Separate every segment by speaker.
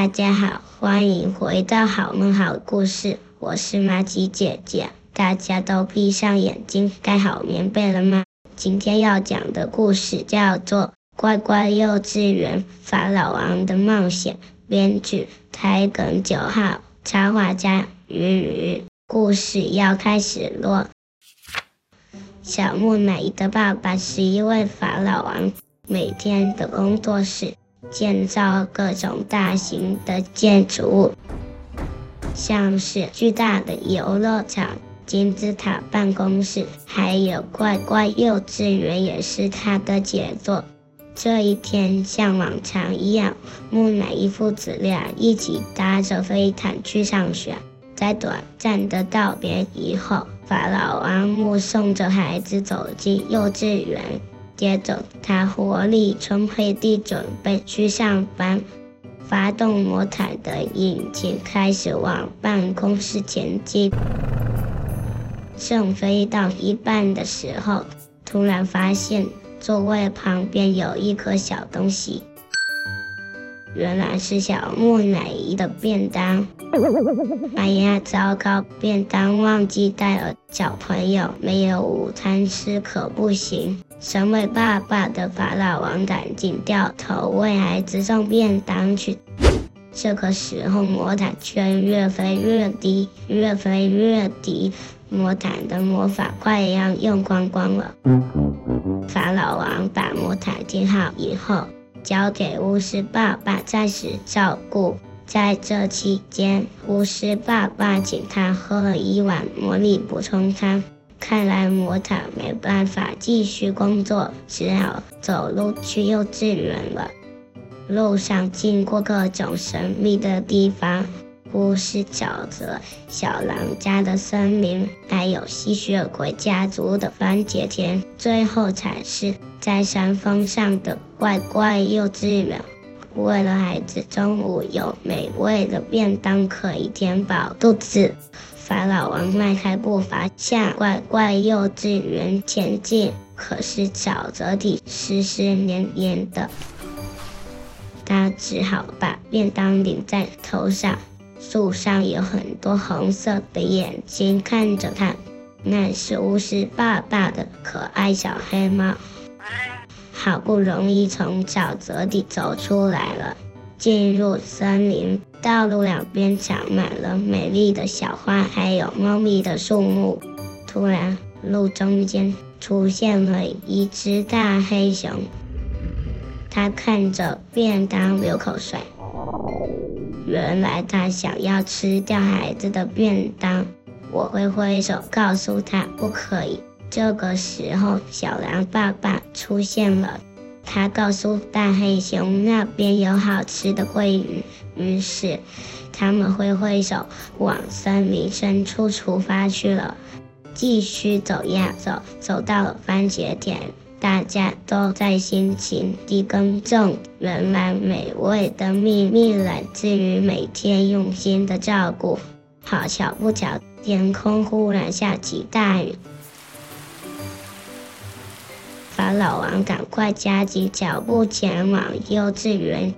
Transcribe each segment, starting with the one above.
Speaker 1: 大家好，歡迎回到《好夢好故事》，我是瑪吉姐姐。大家都閉上眼睛，蓋好棉被了嗎？今天要講的故事叫做《乖乖幼稚園法老王的冒險》，編劇：台梗玖號，插畫家：魚魚。故事要開始咯。小木乃伊的爸爸是一位法老王，每天的工作是，建造各種大型的建築物，像是巨大的遊樂場、金字塔、辦公室，還有怪怪幼稚園，也是他的傑作。這一天像往常一樣，木乃伊父子倆一起搭着飛毯去上學，在短暫的道別以後，法老王目送着孩子走進幼稚園。接着，他活力充沛地準備去上班，發動魔毯的引擎，開始往辦公室前進。正飛到一半的時候，突然發現座位旁邊有一顆小東西，原來是小木乃伊的便當。哎呀，糟糕！便當忘記帶了，小朋友沒有午餐吃可不行。身為爸爸的法老王趕緊掉頭為孩子送便當去。這個時候，魔毯卻越飛越低，越飛越低，魔毯的魔法快要用光光了。嗯嗯嗯嗯、法老王把魔毯釘好以後，交給巫師爸爸暫時照顧。在這期間，巫師爸爸請他喝了一碗魔力補充湯。看來魔塔沒辦法繼續工作，只好走路去幼稚園了。路上經過各種神秘的地方：故事沼澤、小狼家的森林，還有吸血鬼家族的番茄田。最後，才是在山峰上的怪怪幼稚園。為了孩子，中午有美味的便當可以填飽肚子。法老王邁開步伐向怪怪幼稚園前進，可是沼澤地濕濕黏黏的，他只好把便當頂在頭上。樹上有很多紅色的眼睛看着他，那是巫師爸爸的可愛小黑貓。好不容易從沼澤地走出來了。進入森林，道路兩邊長滿了美麗的小花，還有茂密的樹木。突然，路中間出現了一隻大黑熊，它看着便當流口水。原來它想要吃掉孩子的便當。我揮揮手告訴他不可以。這個時候，小狼爸爸出現了。他告訴大黑熊那邊有好吃的鮭魚，於是他們揮揮手往森林深處出發去了。繼續走呀走，走到了番茄田，大家都在辛勤地耕種。原來美味的秘密來自於每天用心的照顧。好巧不巧，天空忽然下起大雨。法老王趕快加緊腳步前往幼稚園。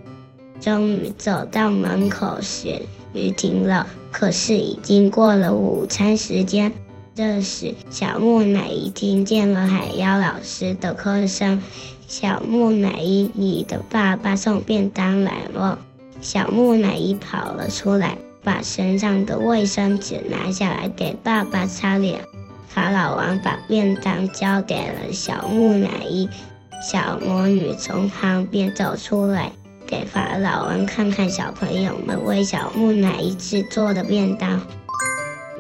Speaker 1: 終於走到門口時，雨停了，可是已經過了午餐時間。這時，小木乃伊聽見了海妖老師的歌聲：“小木乃伊，你的爸爸送便當來了。”小木乃伊跑了出來，把身上的衛生紙拿下來給爸爸擦臉。法老王把便當交給了小木乃伊，小魔女從旁邊走出來，給法老王看看小朋友們為小木乃伊制作的便當。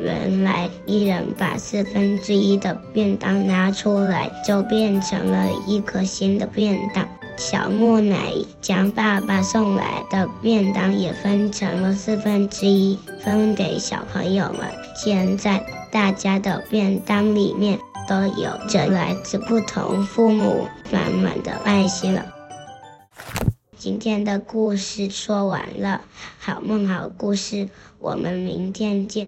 Speaker 1: 原來，一人把四分之一的便當拿出來，就變成了一顆新的便當。小木乃伊將爸爸送來的便當也分成了四分之一，分給小朋友們。現在大家的便當裡面都有着來自不同父母滿滿的愛心了。今天的故事說完了，好夢好故事，我們明天見。